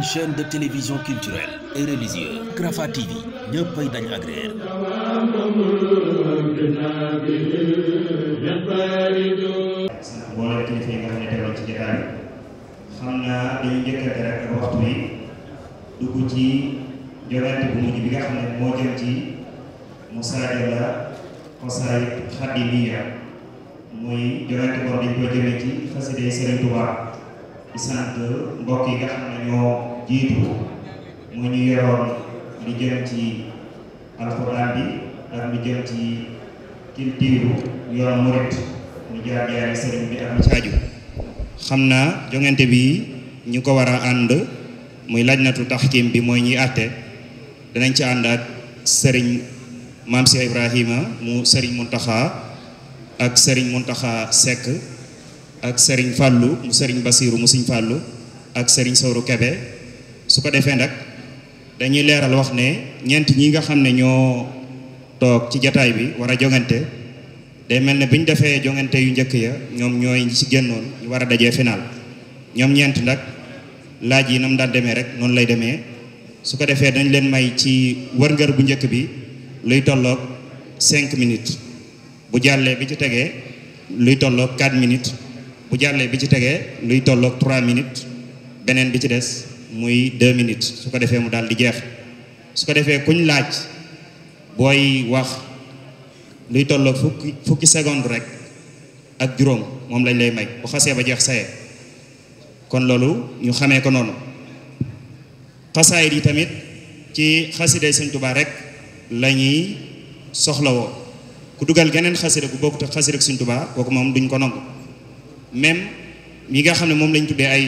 une de télévision culturelle et religieuse Rafah TV ñëppay dañ agréer mbooloo kilifa yi nga xam ne teewoon ci jotaay xam naa dañu njëkkante rek waxtu yi dugg ci jogante bu mujj bi nga xam ne moo jëm ci musaajala xasaayid xaadimiya muy jogante boo dañ koy jëmee ci xasida Sëriñ Tuubaa sant mbokk yi nga xam ne ñoo jiitu mu ñu yoroon lu jëm ci alxuraan bi ak lu jëm ci culture xam naa jongante bi ñu ko war a ànd muy lajnatu kim bi mooy ñuy àtte danañ ci ànd ak sëriñ maam si Ibrahima mu sëriñ Muntaxa ak sëriñ Muntaxa Seck ak sëriñ Fàllu mu sëriñ Basiiru mu sëriñ Fàllu ak sëriñ Sawru Kebe su ko defee nag dañuy leeral wax ne ñeent ñi nga xam ne ñoo toog ci jataay bi war a jongante day mel ne bi ñu defee jongante yu njëkk ya ñoom ñooy ñi si noonu ñu war a dajee finaal ñoom ñeent nag laaj yi nam daan demee rek noonu lay demee su ko defee dañ leen may ci wërngër bu njëkk bi luy tolloog cinq minutes bu jàllee bi ci tegee luy tolloog quatre minutes bu jàllee bi ci tegee luy tolloog trois minutes beneen bi ci des muy deux minutes su ko defee mu daal di jeex su ko defee kuñ laaj booy wax luy tolloo fukki fukki seconde rek ak juróom moom lañ lay may bu xasee ba jeex saye kon loolu ñu xamee ko noonu xasaayit yi tamit ci xasida Sëñ Tuubaa rek la ñuy soxlawoo ku dugal geneen xasida bu bokkut ak xasida Sëñ kooku moom duñ ko nangu même yi nga xam ne moom lañ tuddee ay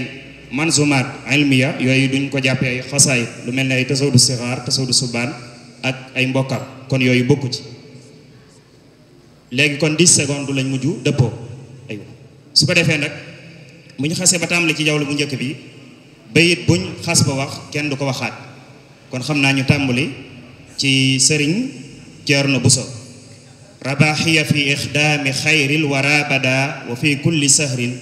manzumaat ilmiya yooyu duñ ko jàppee ay xasaay lu mel ne ay tasawdu sixaar tasawdu subaan ak ay mbokkam kon yooyu bokku ci léegi kon di secondes lañ mujj dëppoo aywa su ko defee nag bu ñu xasee ba tàmbali ci jawlu bu njëkk bi bayit buñ xas ba wax kenn du ko waxaat kon xam naa ñu tàmbali ci sëriñ Ceerno Buso rabaxiya fi ixdaami xayril wara bada wa fi kulli sahrin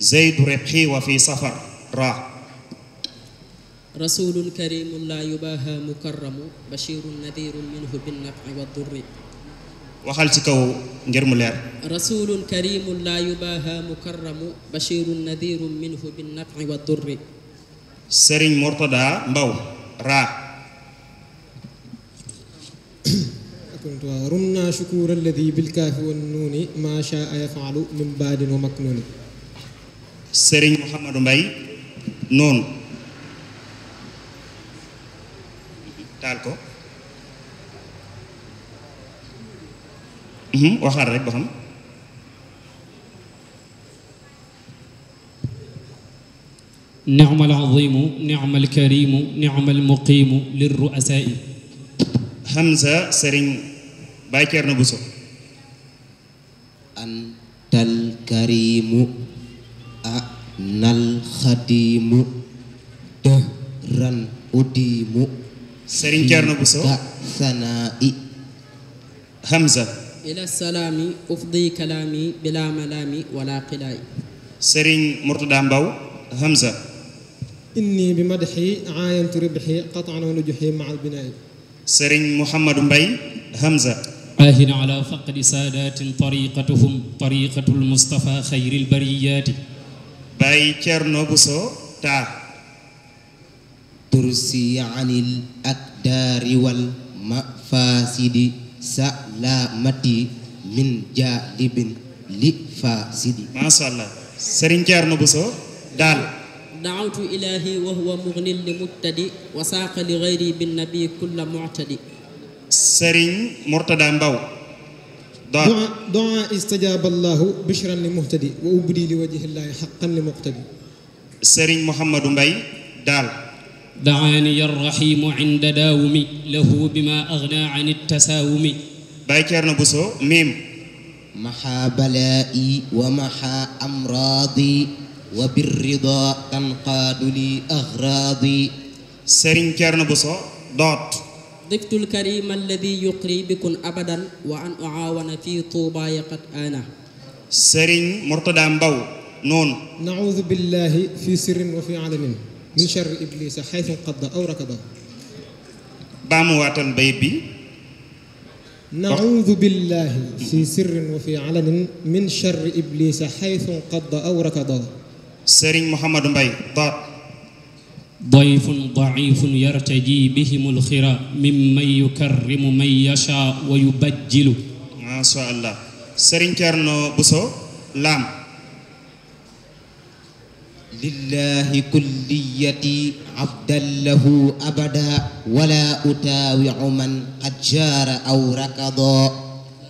zeydu rebxi fi safar ra rasulun karimun la yubaha mukarramu bashirun nadirun minhu binnafi wa durri waxal ci kaw ngir mu leer rasulun karimun la yubaha mukarramu bashirun nadirun minhu binnafi wa durri sëriñ murtada mbaw ra rumna shukur alladi bilkaafi wan nuuni ma shaa yafalu min baadin wa maknuni sëriñ muhammadu mbay noonu taal ko waxaat rek ba xam نعم العظيم نعم الكريم نعم المقيم للرؤساء حمزة سرين باكر نبوسو أنت الكريم أ nal xadiimu dëhran udiimu sëriñ Cerno Buso ka sanaa'i hamza ila salaami ufdi kalaami bila malaami wala qilaay sëriñ Murtada Mbaw hamza inni bi madxi aayantu ribxi qatan wa nujuxi maa albinaay sëriñ Muhammadu Mbay hamza aahin ala faqdi saadatin tariqatuhum tariqatu almustafa xayri albariyaati bàyyi Cerno Buso taar tursi anil akdaari wal mafasidi salamati min jalibin li fasidi masha allah Sëriñ Cerno Buso daal daawtu ilahi wa huwa mugnin li mubtadi wa saaqa li gayri bin nabi kulla mu'tadi Sëriñ Murtada Mbaw دعاء دعاء استجاب الله بشرا لمهتدي وأبدي لوجه الله حقا لمقتدي سرين محمد مباي دال دعاني الرحيم عند داومي له بما أغنى عن التساوم باي كيرنا بوسو ميم محا بلائي ومحا أمراضي وبالرضا تنقاد لي أغراضي سرين كيرنا بوسو دوت ضفت الكريم الذي يقري بكن أبدا وأن أعاون في طوباي قد أنا سرين مرتضى مباو نون نعوذ بالله في سر وفي علن من شر إبليس حيث قد أو ركض بامواتن بيبي نعوذ بالله في سر وفي علن من شر إبليس حيث قد أو ركض سرين محمد مباي ضاد dayfun daifun yartaji bihimul xira mimman yukarrimu man yasha wa yubajjilu masha allah sëriñ Cerno Buso laam lillahi kulliyati abdan lahu abada wala utaawiu man qad jaara aw rakada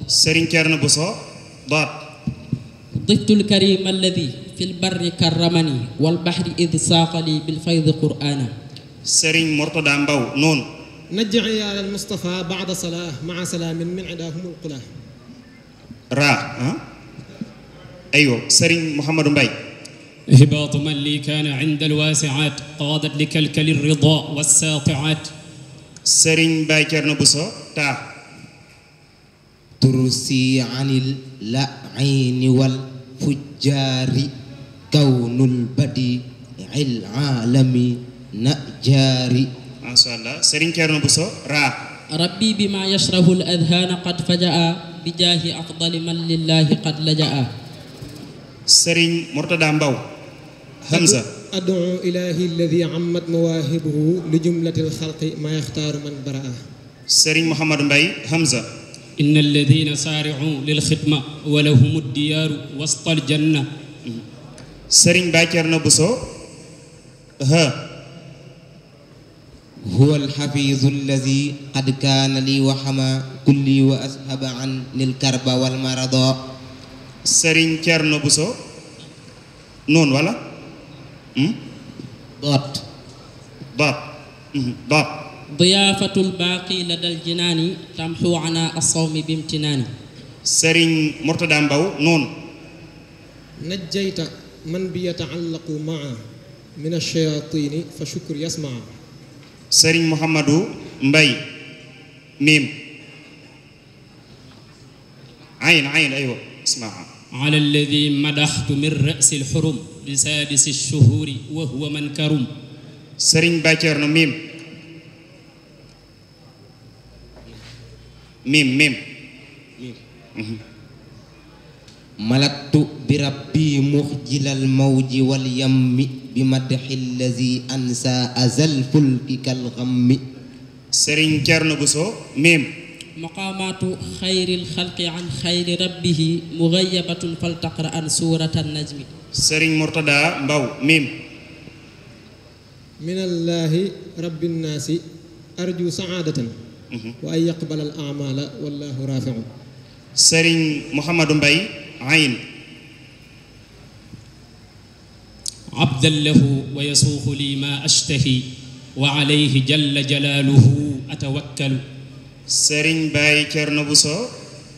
sëriñ Cerno Buso daat diftu lkarima alladi fi lbarri karramani wal bahri id saaqali bil faydi qur'ana sëriñ mortada mbaw noonu najji iyaal mustafa baada salah maa salaamin min idaahumul qula raa ah? aywa sëriñ mouhamadou mbay هباط من لي كان عند الواسعات قادت لكلكل الرضا والساطعات سرين باكر نبوسو تا ترسي عن اللعين والفجار kawnul badi il alami najari masha allah Serigne Thierno Bousso raa rabbi bima yashrahu al adhana qad fajaa bi jaahi afdali man lillahi qad lajaa Serigne Mourtada Mbaw Hamza adu ilahi alladi ammat mawahibuhu li jumlati alxalqi ma yaxtaaru man baraa Serigne Mouhamadou Mbaye Hamza inna alladina saaricu lilxidma wa lahum ddiyaaru wasta aljanna sëriñ Baay Cerno Buso ha huwa alxafiizu alladi qad kaana li wa xama kulli wa ashaba an lil karba wal marado sëriñ Cerno Buso noonu wala doot doot doot diyaafatul baaqi la dal jinaani tamxu ana asawmi bimtinaani sëriñ Murtada Mbaw noonu najjayta man bi yataallaqu maa min alchayatini fa chukur yasmaa sëriñ Mouhamadou Mbay miim ayn ayn aywa ismaa ala alladi madaxtu min rasi alxurum bi saadisi alchuhuri wa huwa man karum sëriñ Bàcceerno miim miim miim malaktu bi rabbi muxjilal mawji wal yammi bi madxi lazi ansa azal fulki kal xammi sëriñ Cerno Buso miim maqaamaatu xayril xalqi an xayri rabbihi mugayabatun faltaqra an suurata najmi sëriñ Murtada Mbaw miim minallaahi rabbi nnaasi arju saadatan mhm. wa an yaqbala al amaala wallaahu raafiu sëriñ Muhammadu Mbay ayn abdan lahu wa yasuuxu li ma ashtahi wa alayhi jalla jalaaluhu atawakkalu sëriñ Baay Cerno Buso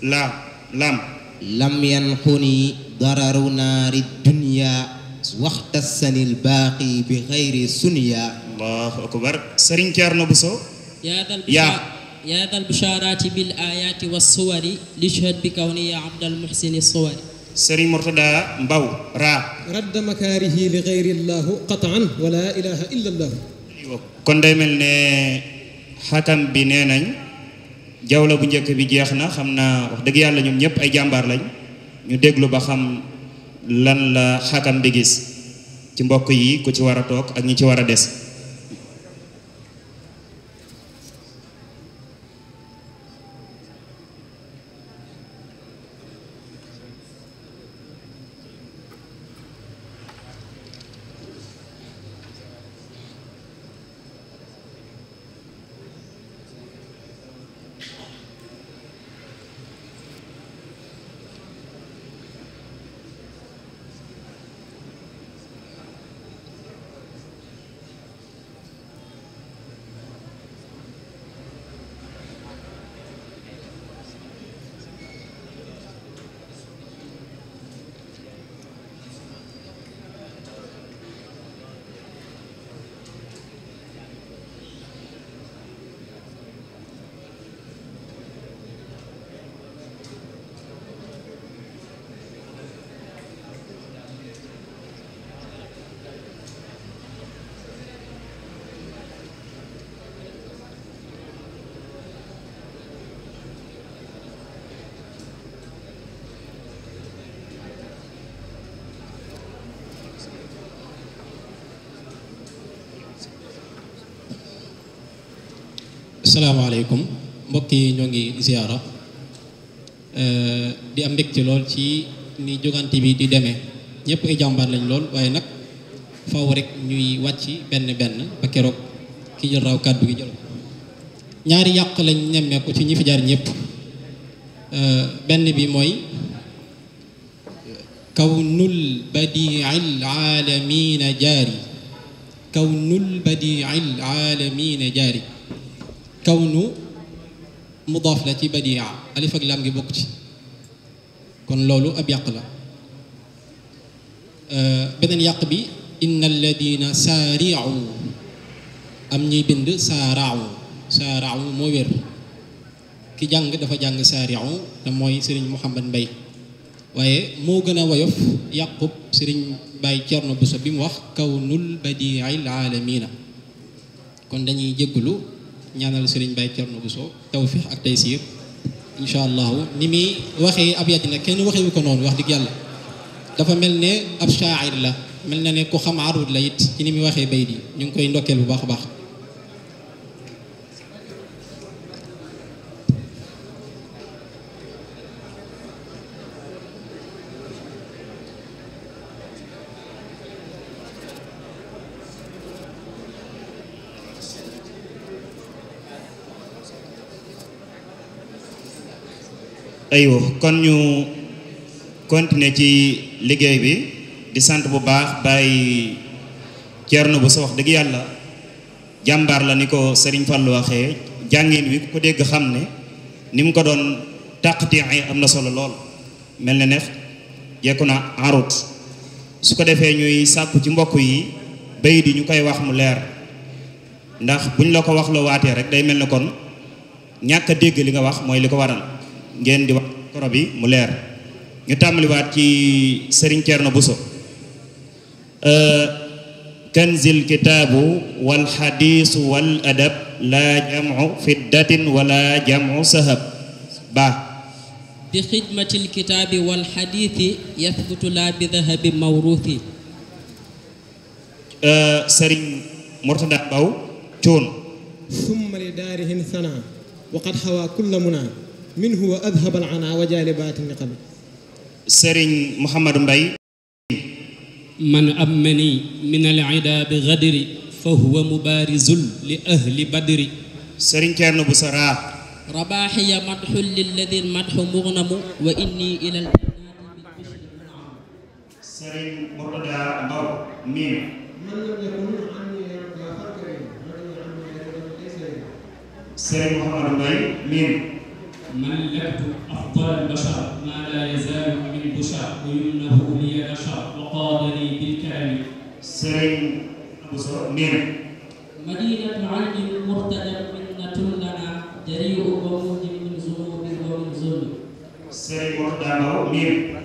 la lam lam yanquni dararu naari dunya waxta sanil baaqi bi xayri sunya allahu akbar sëriñ Cerno Buso yaa yaa dal bishaaraati bil ayaati wa suwari lishhad bi kawni yaa abdal muhsini suwari sëriñ Murtada Mbaw raa radda makaarihi li gayri llaahu qataan wa laa ilaaha illa llaah kon day mel ne xatam bi nee nañ jawla bu njëkk bi jeex na xam naa wax dëgg yàlla ñoom ñëpp ay jàmbaar lañ ñu déglu ba xam lan la xatam bi gis ci mbokk yi ku ci war a toog ak ñi ci war a des salaamaaleykum mbokk yi ñoo ngi ziyaara euh, di am ci lool ci ni jogante bi di demee ñëpp ay jàmbaar lañ lool waaye nag faw rek ñuy wàcc benn benn ba keroog ki jël raw kàddu gi jël ñaari yàq lañu nemmeeku ci ñu fi jaar ñëpp euh, benn bi mooy kawnul badiil aalamiina jaari kawnul badiil aalamiina jaari kawnu mudaaf la ci badia alif ak lam gi bokk ci kon loolu ab yàq la euh, beneen yàq bi inna alladina saariu am ñuy bind saaraaw saaraaw moo wér ki jàng dafa jàng saariu te mooy sëriñ Muhammad Mbay waaye moo gën a woyof yàqub sëriñ Baay Cerno Buso bi mu wax kawnul badiil aalamiina kon dañuy jéggulu ñaanal sëriñ Baye Thierno Bousso tawfiix ak taysiir incha allahu ni muy waxee ab yat na kenn waxewu ko noonu wax dëgg yàlla dafa mel ne ab shaa'ir la mel na ne ku xam arut la it ci ni muy waxee bayt yi ñu ngi koy ndokkeel bu baax a baax aywa kon ñu continuer ci liggéey bi di sant bu baax bàyyi Thierno bu sa dëgg yàlla jàmbaar la ni ko Serigne Fallou waxee jàngin wi ku ko dégg xam ne ni mu ko doon tàqati am na solo lool mel na ne yekku na arut su ko defee ñuy sàkku ci mbokk yi bay di ñu koy wax mu leer ndax buñ la ko wax loo waatee rek day mel ne kon ñàkk dégg li nga wax mooy li ko waral ngeen di wax koro bi mu leer ñu tàmbaliwaat ci Serigne Thierno Bousso euh, kanzil kitaabu wal xadiisu wal adab laa jamu fiddatin wala jamu sahab baax bi xidmatil kitaabi wal xadiisi yathbutu laa bi dahabi mawruuthi euh, Serigne Mourtada Baw cuun summa li daarihim sana waqad xawaa kulla munaa minhu wa adhaba alana wa jalibaati niqam sëriñ Mouhamadou Mbaye man ammani min alida bi gadri fa huwa mubarizul li ahli badri sëriñ Ceerno bu Sara rabaaxiya madxul lilladi madxu mugnamu wa inni ila al sëriñ Murtada Ndaw miin sëriñ Mouhamadou Mbaye miin من لبت أفضل البشر ما لا يزال من بشر ويمنه لي نشر وقادني بالكامل سرين أبو سرور مدينة عدن مرتدى منة لنا دريء ومهد من ذنوب ومن ظلم سرين مرتدى ميم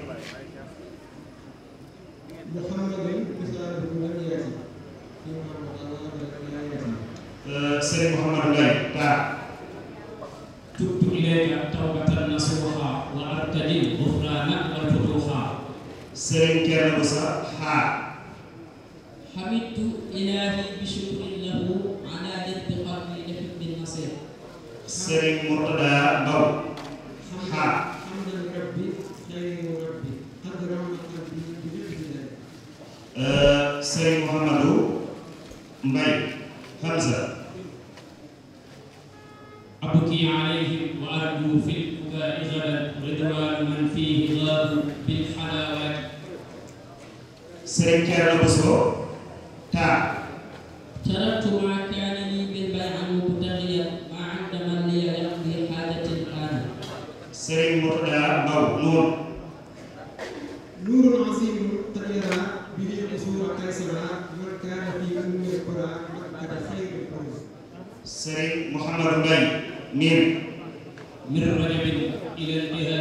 Serigne Thierno Moussa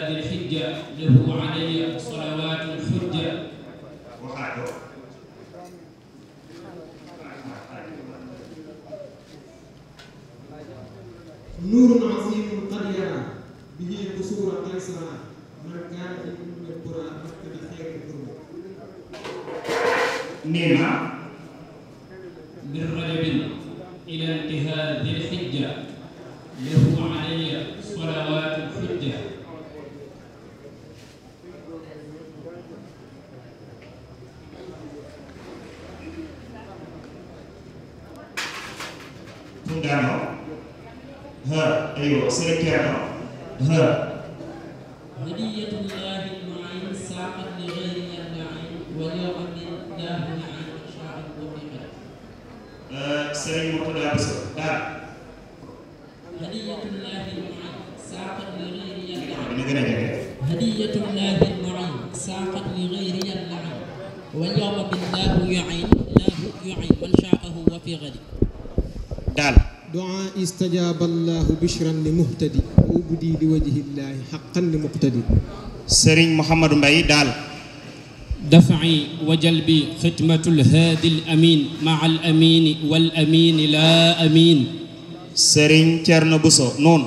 صلاة الحجة له علي صلوات الحجة نور عظيم قد يرى به قصور قيصر من كان من القرى مكة خير القرون. نعم Serigne Mouhamadou Mbaye daal دفعي وجلبي ختمة الهادي الأمين مع الأمين والأمين لا أمين سرين تيرنا بوسو نون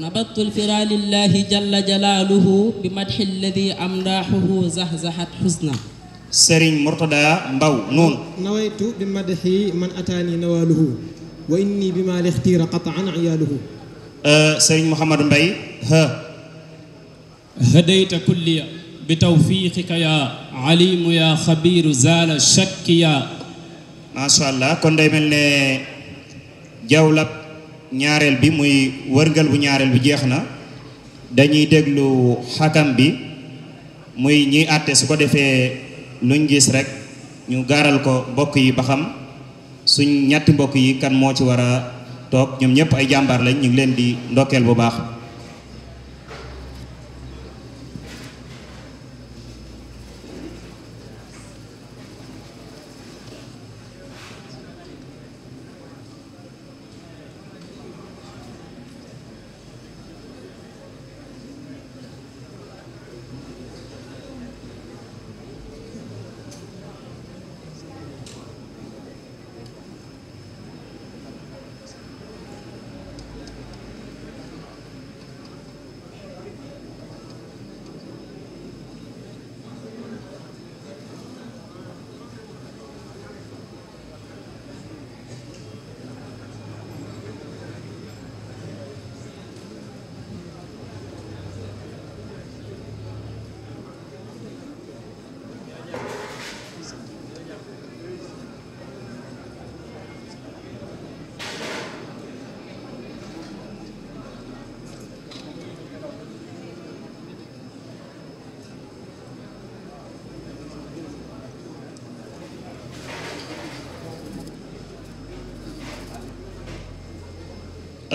نبضت الفرا لله جل جلاله بمدح الذي أمداحه زهزحت حزنا سرين مرتضى مباو نون نويت بمدحي من أتاني نواله وإني بما الاختير قطعا عياله أه سرين محمد مباي ها hadayta kulliya bi tawfiqika ya alimu ya xabiru zala shakkiya masha allah kon day mel ne jawlab ñaareel bi muy wërngal bu ñaareel bi jeex na dañuy déglu xakam bi muy ñiy àtte su ko defee luñ gis rek ñu gaaral ko mbokk yi ba xam suñ ñetti mbokk yi kan moo ci war a toog ñoom ñëpp ay jàmbaar lañ ñu ngi leen di ndokkeel bu baax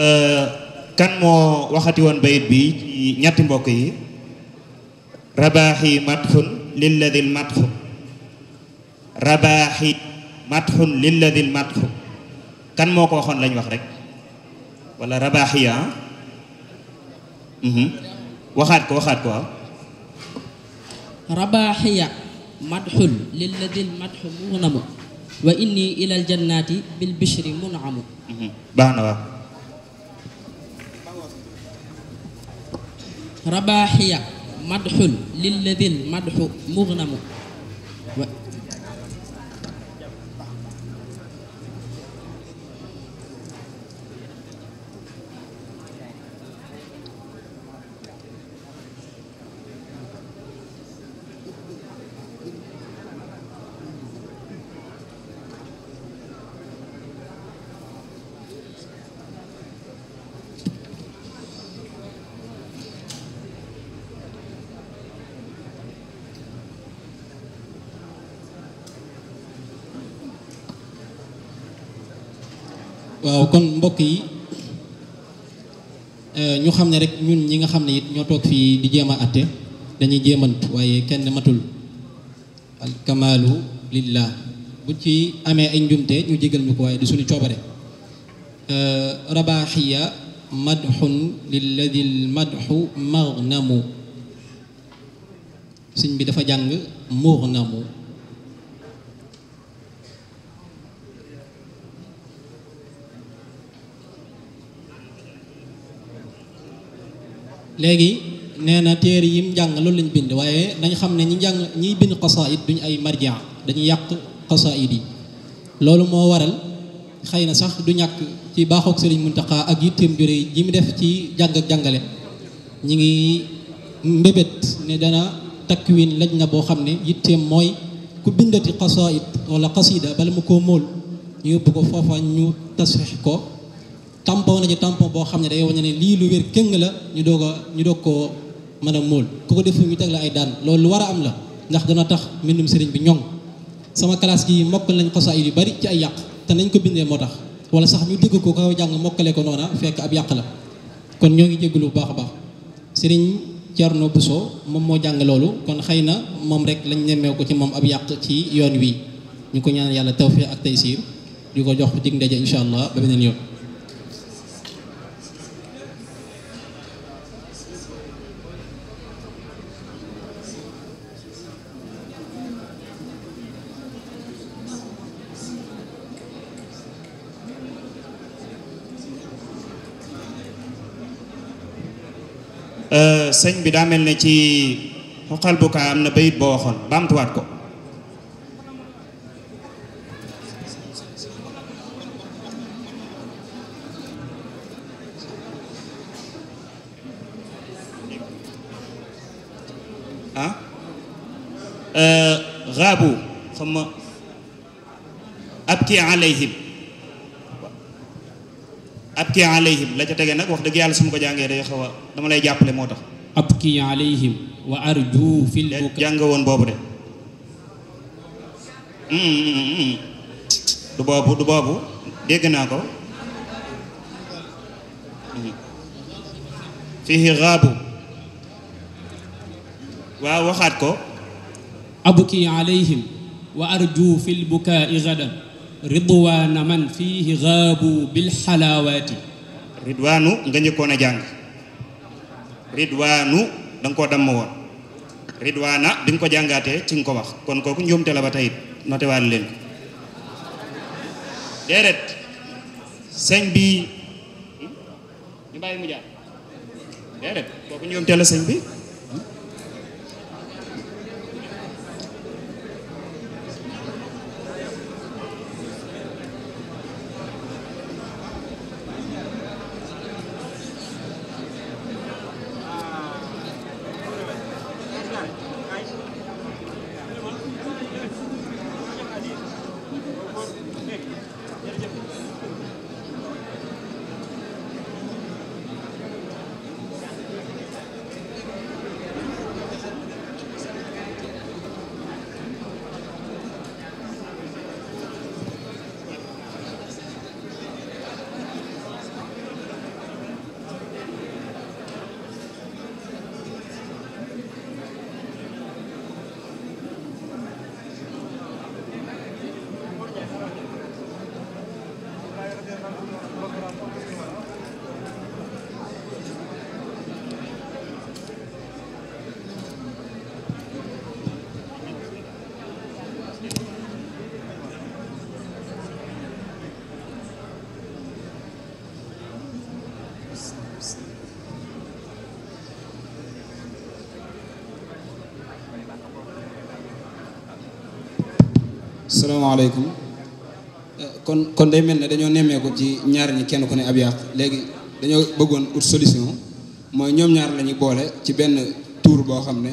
Euh, kan moo waxati woon bayit bi ci ñetti mbokk yi rabaaxi matxun lilladil matxu rabaaxi matxun lilladil matxu kan moo ko waxoon lañ wax rek wala rabaaxi ah? mhm. waxaat ko waxaat ko waaw ah. rabaaxiya madxul lilladil madxu munamu wa inni ilal jannaati bil bishri munamu mhm. baax na waaw rabaaxiya madxul lilladil madxu mugnamu waaw kon mbokk yi euh, ñu xam ne rek ñun ñi nga xam ne it ñoo toog fii di jéem a atte dañuy jéemant waaye kenn matul al kamaalu lillah bu ci amee ay njumte ñu jégal ñu ko waaye du suñu coobare euh, rabaaxiya madxun lilladi l madxu magnamu sëñ bi dafa jàng mugnamu léegi nee na téere yim jàng loolu lañ bind waaye nañ xam ne ñi jàng ñiy bind xasaayid ñu ay marjaan dañuy yàq xasaayid yi loolu moo waral xëy na sax du ñàkk ci baaxoog Sëriñ Muntaxa ak yitteem jure ji mu def ci jàng ak jàngale ñi ngi mbébét ne dana takwin laj na boo xam ne yitteem mooy ku bindati xasaayid wala xasida bala mu ko móol ñu yóbbu ko foofa ñu tasfix ko la nañu tampon boo xam ne day wane ne lii lu wér këng la ñu doog a ñu doog koo mën a móol ku ko deful ñu teg la ay daan loolu lu war a am la ndax dana tax mbindum sëriñ bi ñoŋ sama classe gi mokkal nañ xasaayid yu bari ci ay yàq te nañ ko bindee moo tax wala sax ñu dégg ko kaw jàng mokkale ko noona fekk ab yàq la kon ñoo ngi jégalu bu baax a baax sëriñ Thierno Bousso moom moo jàng loolu kon xëy na moom rek lañ nemmee ko ci moom ab yàq ci yoon wi ñu ko ñaan yàlla tawfiq ak tey taysir di ko jox dig ndaje incha allah ba beneen yoon Euh, sëñ bi daa mel na ci xoqal bu kaa am na bayit boo waxoon baamtuwaat ko ah euh, raabu xam ma abki alayhim abki alayhim la ca tege nag wax dëgg yàlla su ma ko jàngee day xaw a dama lay jàppale moo tax abki alayhim wa arju fil bukaa jàng woon boobu de mm, mm, mm, naa ko fihi xaabu waaw waxaat ko abki alayhim wa arju fil bukaa gadan ridwaana man fiihi gaabu bil xalaawaati ridwaanu nga njëkkoon a jàng ridwaanu da nga koo damm woon ridwaana bi ko jàngaatee ci nga ko wax kon kooku njuumte la ba tey noté waale leen ko déedéet bi ñu bàyyi mu jaar déedéet kooku njuumte la sëñ bi salaamaaleykum kon kon day mel ne dañoo nemmeeku ci ñaar ñi kenn ku ne ab yàq léegi dañoo bëggoon ut solution mooy ñoom ñaar lañuy ñuy boole ci benn tour boo xam ne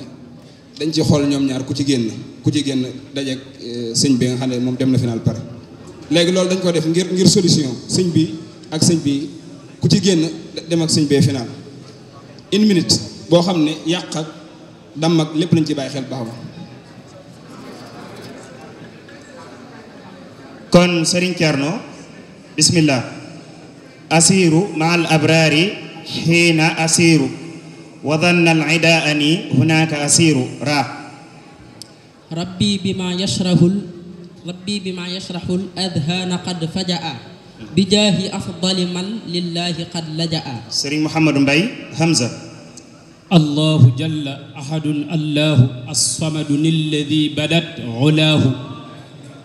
dañ ci xool ñoom ñaar ku ci génn ku ci génn dajeeg eh, sëñ bi nga xam ne moom dem na final pare. léegi loolu dañ ko def ngir ngir solution sëñ bi ak sëñ bi ku ci génn dem ak sëñ bee final une minute boo xam ne yàq ak dam ak lépp lañ ci bàyyi xel baaxul. kon Serigne Thierno bismillah asiru ma al abrari xiina asiru wa dhanna al ida ani hunaka asiru ra rabbi bima yashrahul rabbi bima yashrahul adhana qad fajaa bi jaahi afdali man lillahi qad lajaa Serigne Mouhamadou Mbaye Hamza الله جل أحد الله الصمد الذي بدت علاه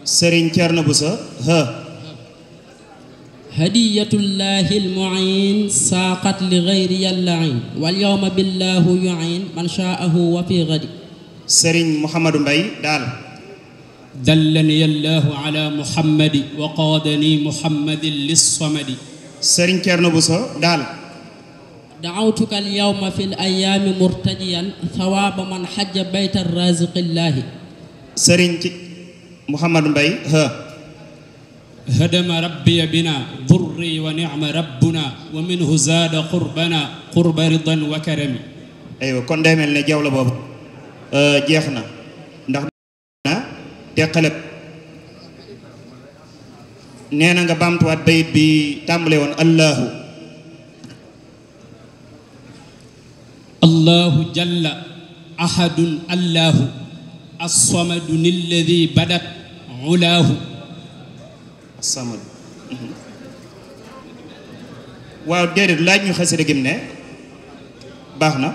Serigne Thierno Bousso ha hadiyatullahi almuin saaqat li gayri yallain wal yawma billahu yuin man shaahu wa fi gadi Serigne Mouhamadou Mbaye daal dallani allahu ala muhammadi wa qaadani muhammadin lissamadi Serigne Thierno Bousso daal دعوتك اليوم في الأيام مرتديا ثواب من حج بيت الرازق الله سرين Mouhamadou Mbaye hadama rabbiya bina durri wa nicma rabbuna wa minhu zaada qurbana qurba ridan wa karami aywa kon day mel ne jawla boobu jeex na ndax na teqale nee na nga baamtuwaat bayit bi tàmbale woon allahu allahu jalla ahadun allahu assamadu nilladi badat ulaahu assamadu waaw déedéet laaj ñu xasida gim baax na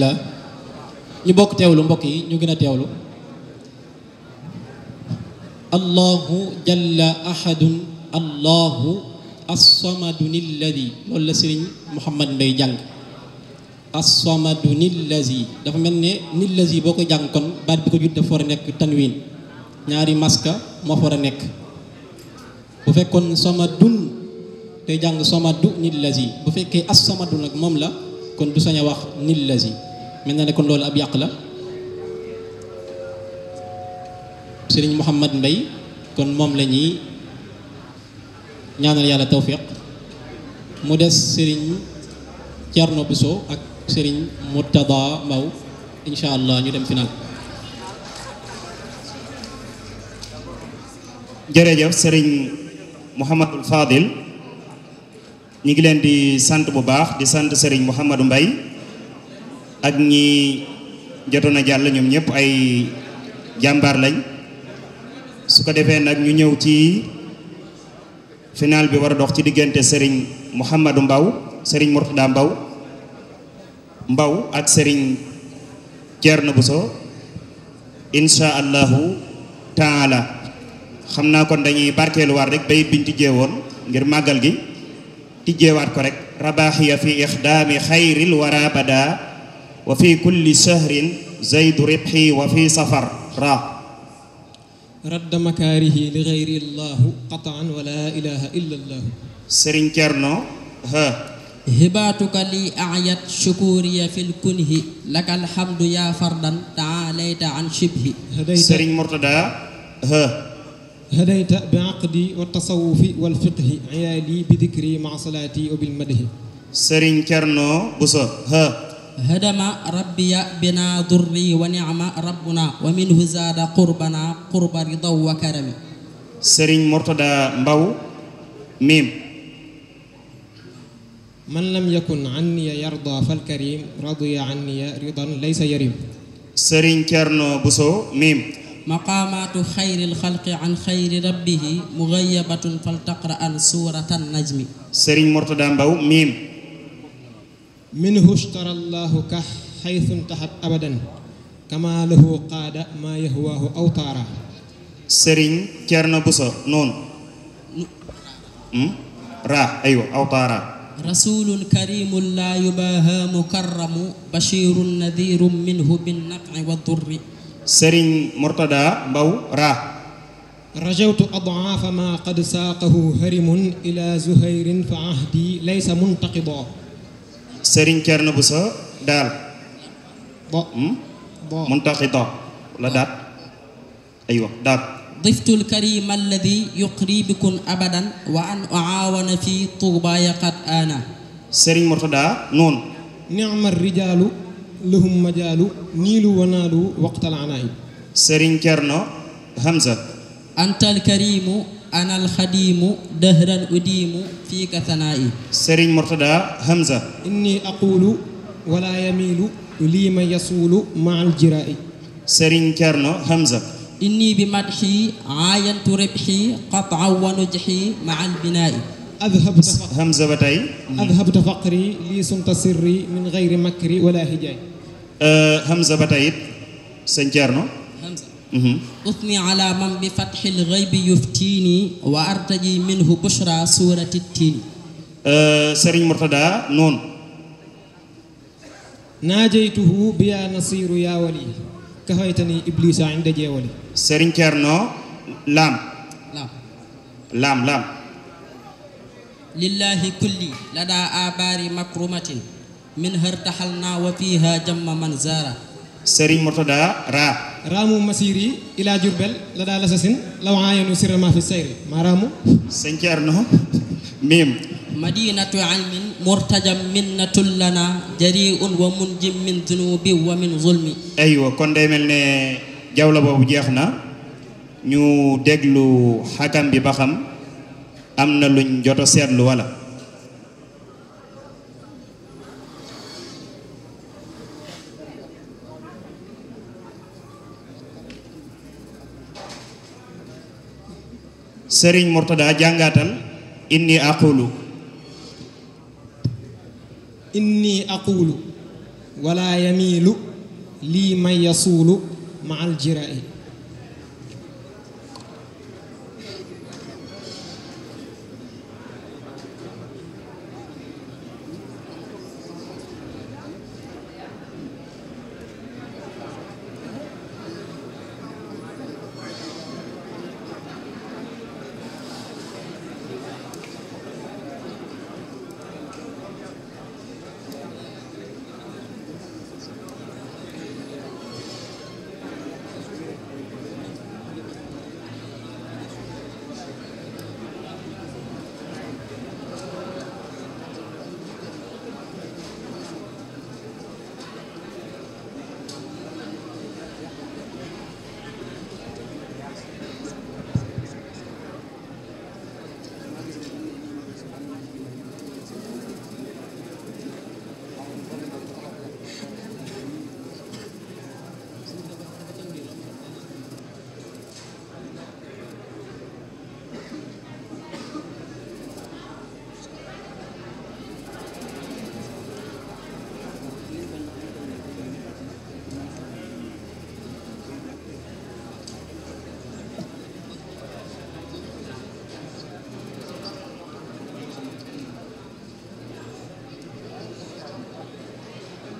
la ñu bokk teewlu mbokk yi ñu gën a teewlu allahu jalla ahadun allahu assamadun illadi loolu la sëriñ muhammad nday jàng assamadu dafa mel ni nillazi boo ko jàng kon baat bi ko jut dafa a nekk tanwin ñaari maska moo fa a nekk bu fekkoon samadun te jàng samadu bu fekkee assamadu nag moom la kon du sañ a wax nil lazi mel na ne kon loolu ab yàq la sëriñ Mouhamad Mbay kon moom la ñuy ñaanal yàlla tawfiq mu des sëriñ Thierno Bousso ak sëriñ Murtada Mbaw incha allah ñu dem final jërëjëf sëriñ Mouhamadul Fadil ñu ngi leen di sant bu baax di sant Serigne Mouhamadou mbay ak ñi jotoon na jàll ñoom ñëpp ay jàmbaar lañ su ko defee nag ñu ñëw ci final bi war a dox ci diggante sëriñ Mouhamadou Mbaw sëriñ Mourtada Mbaw Mbaw ak Serigne Thierno Bousso insha allahu taala xam naa kon dañuy barkeeluwaat rek bayit biñ tijjee woon ngir màggal gi tijjeewaat ko rek rabaaxiya fi ixdaami xayril wara bada wa fi kulli shahrin zaydu ribxi wa fi safar ra radda makaarihi li xayri llaahu qataan wa laa ilaha illa llaahu sëriñ cerno ha hibaatuka li ayat shukuriya fil kunhi laka alhamdu yaa fardan taalayta an shibhi sëriñ murtada ha hadayta bi aqdi wa tasawufi wal fiqhi iyaali bi dikri ma salaati wa bil madhi sëriñ Cerno Buso ha hadama rabbiya bina durri wa ni'ma rabbuna wa minhu zaada qurbana qurba ridaw wa karami sëriñ Murtada Mbaw miim man lam yakun anniya yarda fal karim radiya anniya ridan laysa yarim sëriñ Cerno Buso miim maqaamaatu xayril xalqi an xayri rabbihi mugayabatun fal taqra an suuratan najmi sëriñ Murtada Mbaw miim minhu ishtara allahu ka xaytu ntaxat abadan kama lahu qaada maa yahwaahu awtaara sëriñ Ceerno Buso noonu hmm? raa aywa awtaara rasulun karimun laa yubaaha mukarramu bashirun nadiru minhu bin naqi wa durri Serigne Mortada Mbaw Ra rajawtu adaafa ma qad saaqahu harimun ila zuhairin fa ahdi laysa muntaqido sëriñ Cerno Buso daal bo hmm? bo muntaqido la daat aywa daat diftu alkarim alladi yuqri bikum abadan wa an uaawana fi tuuba yaqad ana sëriñ Murtada noon nicma rijalu lahum majaalu niilu wanaalu waqtal anaayi sëriñ Cerno Hamza antal karimu anal xadiimu dëhran udiimu fii ka sanaayi sëriñ Murtada Hamza inni aqulu wala yamiilu lii ma yasuulu ma al jiraayi sëriñ Cerno Hamza inni bi madxi aayantu rebxi qat'an wa nujxi ma al binaayi adhabta hamza ba tey adhabta faqri lii sunta sirri min gayri makri wala hijaay Euh, Hamza ba tey it sëñ Thierno Hamza mhm. utni ala man bi fatxil xaybi yuftiini wa artaji minhu bushra suurati tiini euh, Serigne Mourtada noonu naajaytuhu biya nasiru yaa wali kafaytani iblisa inda jeewali Serigne Thierno laam laam laam lillahi kulli ladaa abaari makrumatin min hërtaxal naa wa fiiha jamma man zaara sëriñ Murtada raa raamu masiri ila jurbel la daa lasasin law aayanu sirama fi sayri maa raamu sëñ Ceerno miim madinatu ilmin murtajam minnatul lana jariun wa munjim min dunubi wa min zulmi aywa kon day mel ne jawla boobu jeex na ñu déglu xakam bi ba xam am na luñ joto seetlu wala sëriñ Murtada jàngaatal inni aqulu inni aqulu wala yamiilu lii may yasuulu ma aljiraai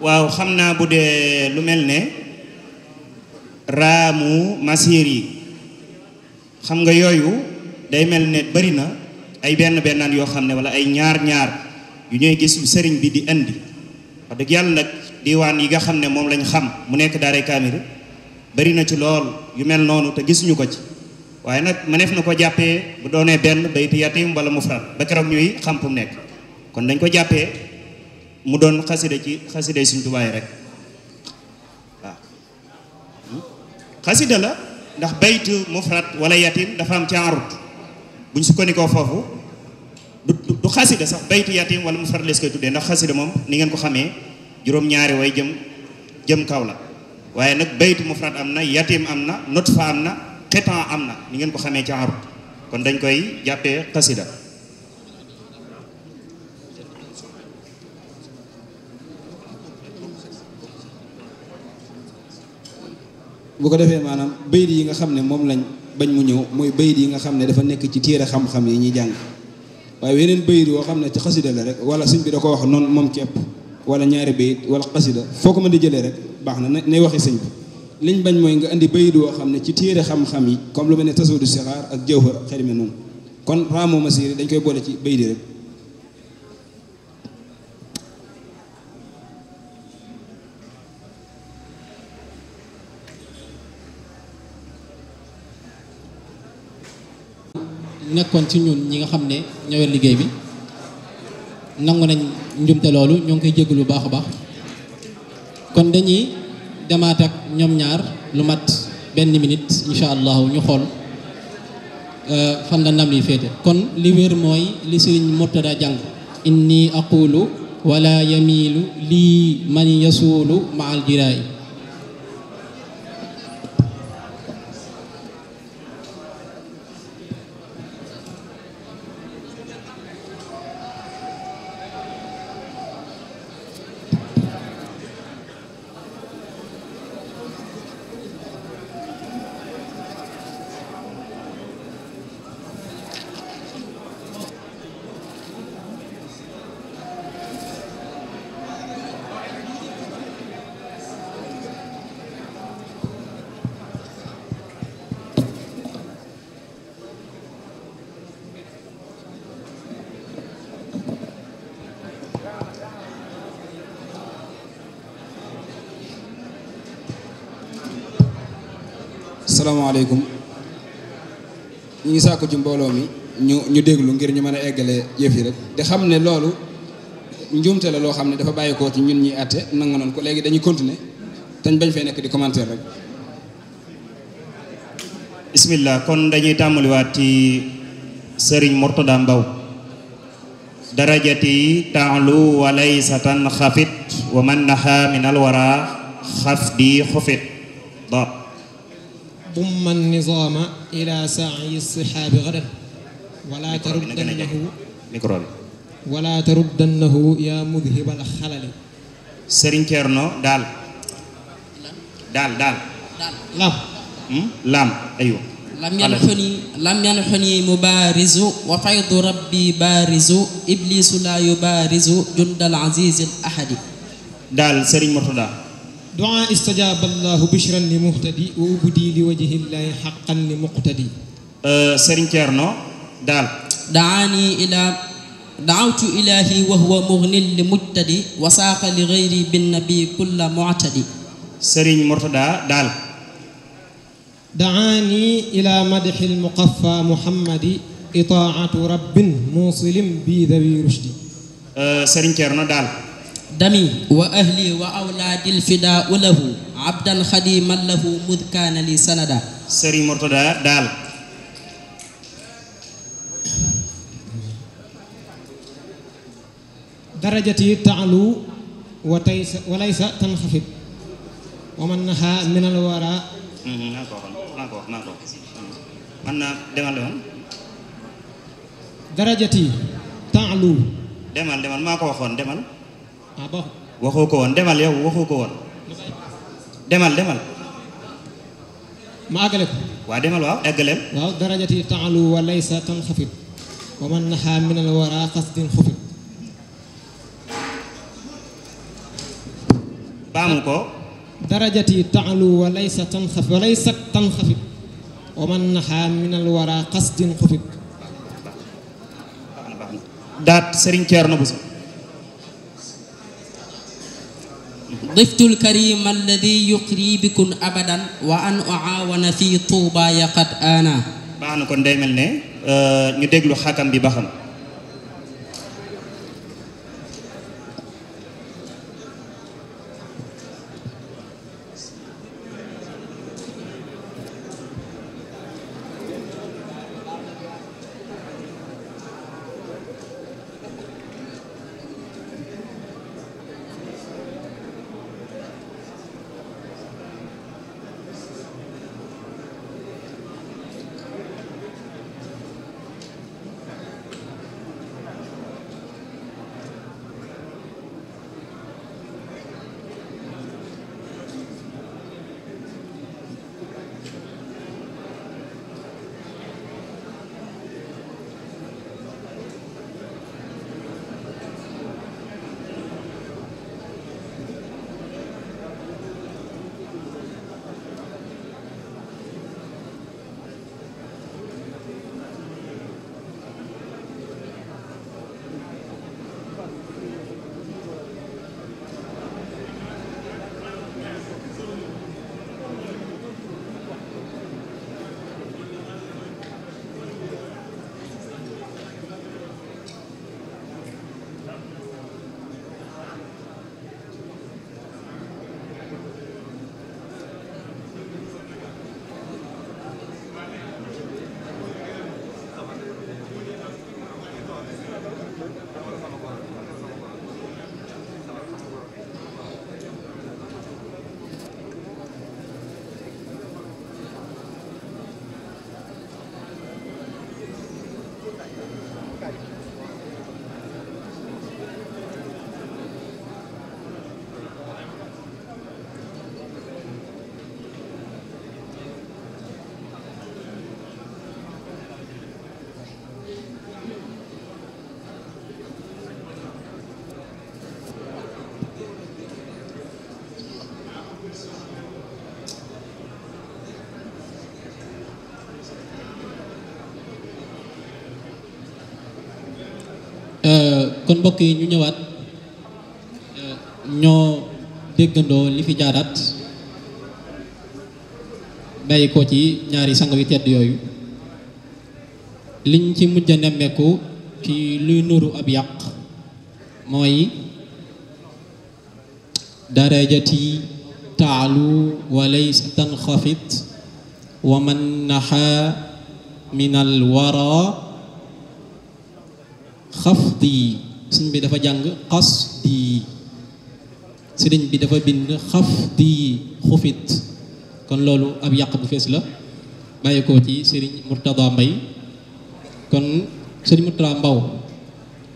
waaw xam naa bu dee lu mel ne raamu masir yi xam nga yooyu day mel ne bari na ay benn bennaan yoo xam ne wala ay ñaar-ñaar yu ñuy gis sëriñ bi di indi wax dëgg yàlla nag diwaan yi nga xam ne moom lañ xam mu nekk daaray kaamil bari na ci lool yu mel noonu te gisuñu ko ci waaye nag mëneef na ko jàppee bu doonee benn baytu yatim wala mufrad ba keroog ñuy xam nekk kon dañ ko jàppee mu doon xasida ci xasida Sëriñ Tuubaa yi rek waaw xasida la ndax bayt mufrad wala yatim dafa am ci arut buñ sukkandikoo foofu du du xasida sax bayt yatim wala mufrad lees koy dee ndax xasida moom ni ngeen ko xamee juróom-ñaari way jëm jëm kaw la waaye nag baytu mufrad am na yatim am na nutfa am na xitan am na ni ngeen ko xamee ci kon dañ koy jàppee xasida bu ko defee maanaam bayit yi nga xam ne moom lañ bañ mu ñëw mooy bayit yi nga xam ne dafa nekk ci téere xam-xam yi ñuy jàng waaye weneen bayit yoo xam ne ci xasida la wala suñ bi da ko wax noonu moom képp wala ñaari bayit wala xasida foo ko mën di jëlee rek baax na nay waxi sëñ bi liñ bañ mooy nga indi bayit woo xam ne ci tiire xam-xam yi comme lu mel ne tasawudu sixaar ak jawhar xel mi noonu kon raamu masiri dañ koy boole ci bayit rek nekkoon ci ñun ñi nga xam ne ñëwee liggéey bi nangu nañ njumte loolu ñoo ngi koy jégg lu baax baax kon dañuy demaat ak ñoom ñaar lu mat benn minute incha allahu ñu xool euh, fan la ndam li féete kon li wér mooy li sëriñ Murtada jàng inni aqulu wala yamiilu lii man yasuulu ma al jiraayi asalaamaaleykum ñu ngi sàkku ci mbooloo mi ñu ñu déglu ngir ñu mën a eggale yëf yi rek di xam ne loolu njuumte la loo xam ne dafa bàyyi koo ci ñun ñi àtte nangu noonu ko léegi dañuy continuer tañ bañ fay nekk di commentaire rek bismillah kon dañuy tàmbaliwaat ci sëriñ Mourtada Mbaw darajati taalu walaysatan xafit wa man naha min alwara xaf di xufit dot ضم النظام إلى سعي الصحاب غدا ولا تردنه ولا تردنه يا مذهب الخلل سرين كيرنو دال دال دال لام لام أيوه لم ينحني لم ينحني مبارز وفيض ربي بارز إبليس لا يبارز جند العزيز الأحد دال سرين مرتضى duaa istajaaba allahu bichran li muhtadi wa ubdi li wajhillahi xaqan li muqtadi euh, Sëriñ Ceerno daal daani ila daawtu ilahi wa huwa mugnin li mujtadi wa saaqa li gayri binnabi kulla mu'tadi Sëriñ Murtada daal daani ila madxi lmuqafa muhammadi itaatu rabbin muusilim bi dawi rushdi euh, Sëriñ Ceerno daal dami wa ahli wa awlaadil fidaa ulahu abdan xadiman lahu mud kaana li sanada sëriñ Murtada daal darajati taalu wa taysa wa laysa tanxafid wa man naha min al wara mhm, naa ko waxoon naa ko wax naa ko wax man naa demal demal darajati taalu demal demal maa ko waxoon demal Ah waxu ko woon demal yow waxoo ko woon demal demal ma àggale ko waa demal waaw àggaleel waaw darajati taalu wa laysa tanxafit wa man naxaa min al wara qasdin xufit wa laysa tanxafit wa laysa tanxafit diftul karim alladi yuqri bikun abadan wa an uawana fi tuuba yaqat ana baax na kon day mel ne euh, ñu déglu xakam bi ba xam kon mbokk yi ñu ñëwaat ñoo déggandoo li fi jaaraat bàyyi ko ci ñaari sang yu tedd yooyu liñ ci mujj a nemmeeku ci luy nuru ab yàq mooy darajati taalu wa laysa tanxafit wa man naxa min al wara xafdi sëñ bi dafa jàng xas di sëriñ bi dafa bind xaf di xufit kon loolu ab yàq bu fees la bàyyi ko ci sëriñ Murtada Mbay kon sëriñ Murtada Mbaw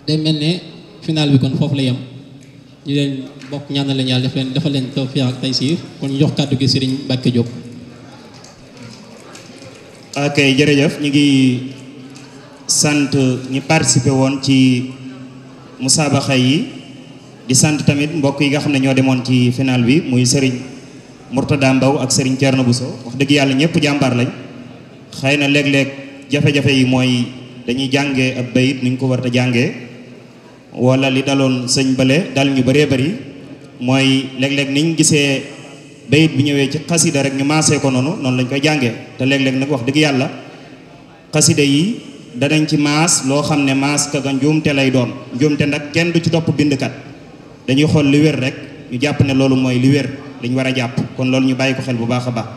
day ne final bi kon foofu la yem ñu leen bokk ñaanal leen yàlla def leen dafa leen tawfiq ak taysiir kon ñu jox kàddu gi sëriñ Mbàkke Jóob ok jërëjëf ñu ngi sant ñi participé woon ci musaabaxa yi di sant tamit mbokk yi nga xam ne ñoo demoon ci final bi muy Serigne Mourtada Mbaw ak Serigne bu Bousso wax dëgg yàlla ñëpp jàmbaar lañ xëy na léeg-léeg jafe-jafe yi mooy dañuy jàngee ab bayit ni ñu ko war a jàngee wala li daloon sëñ Bale dal ñu bëree bari mooy léeg-léeg niñ gisee bayit bi ñëwee ci xasida rek ñu maasee ko noonu noonu lañ koy jàngee te léeg-léeg nag wax dëgg yàlla xasida yi. danañ ci maas loo xam ne maas kaga njuumte lay doon njuumte nag kenn du ci topp bindkat dañuy xool li wér rek ñu jàpp ne loolu mooy li wér liñ war a jàpp kon loolu ñu bàyyi ko xel bu baax ba baax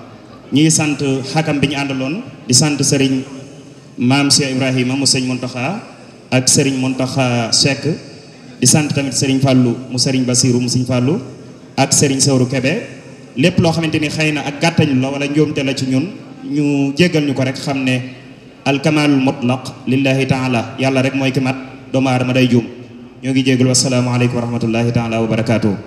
ñuy sant xakam bi ñu àndaloon di sant sëriñ maam Cheikh Ibrahima mu sëriñ Montaxa ak sëriñ Montaxa Seck di sant tamit sëriñ fàllu mu sëriñ Basiru mu sëriñ Fallou ak sëriñ Sawru Kebe lépp loo xamante ni xëy na ak gàttañ la wala njuumte la ci ñun ñu jéggal ñu alkamalul mutlaq lillahi taala yàlla rek mooy ki mat doomu aadama juum ñoo ngi jégalu asalaamaaleykum wa rahmatullahi taala wa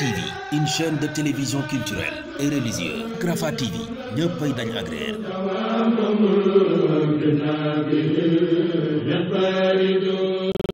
TV, une chaîne de télévision culturelle et religieuse. Rafah TV, ñëppay dañ agréer